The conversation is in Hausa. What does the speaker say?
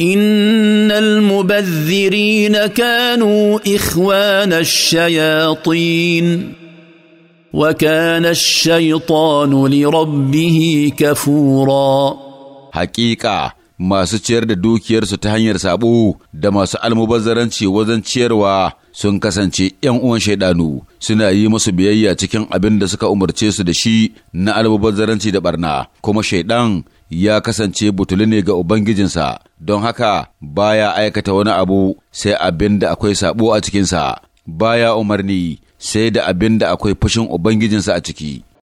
ان المبذرين كانوا اخوان الشياطين وكان الشيطان لربه كفورا حقيقه masu ciyar da dukiyarsu ta hanyar sabo da masu almubazzaranci wajen ciyarwa sun kasance ‘yan uwan shaidanu suna yi musu biyayya cikin abin da suka umarce su da shi na almubazzaranci da barna kuma shaidan ya kasance butuli ne ga ubangijinsa don haka baya aikata wani abu sai abin da akwai sabo a cikinsa, baya umarni sai da abin da akwai fushin Ubangijinsa a ciki.